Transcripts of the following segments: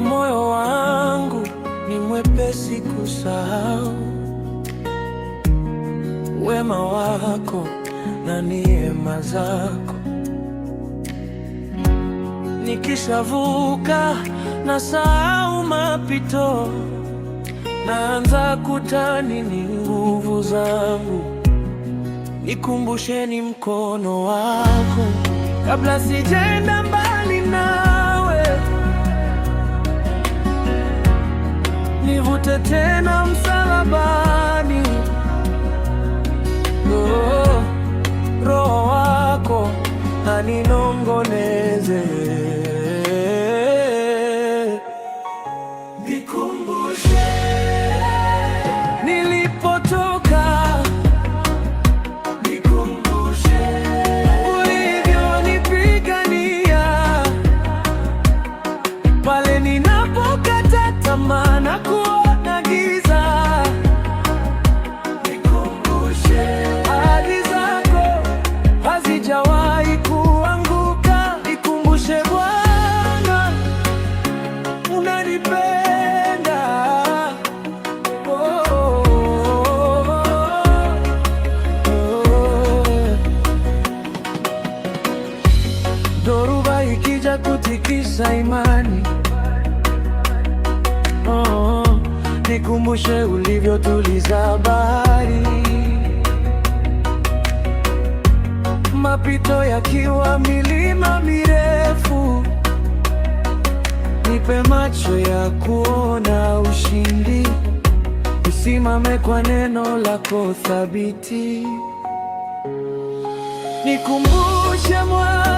moyo wangu ni mwepesi kusahau wema wako na neema zako. Nikishavuka na sahau mapito, naanza kutani ni nguvu zangu. Nikumbusheni mkono wako kabla sijaenda mbali nao. tena msalabani. Oh, roho wako anino cha kutikisa imani. Oh, nikumbushe ulivyotuliza bahari, mapito yakiwa milima mirefu. Nipe macho ya kuona ushindi, usimame kwa neno lako thabiti, nikumbushe mwana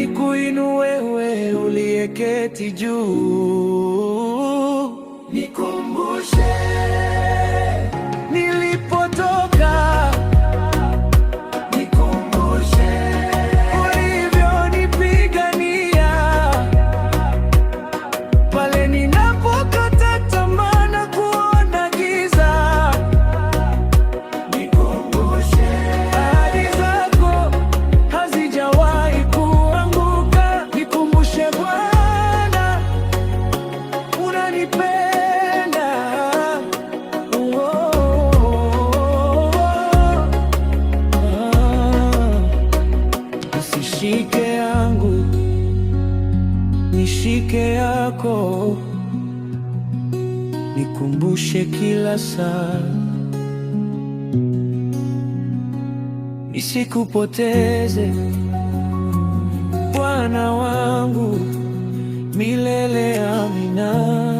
nikuinue wewe uliyeketi juu Nishike yangu, nishike yako, nikumbushe kila saa, nisikupoteze Bwana wangu milele. Amina.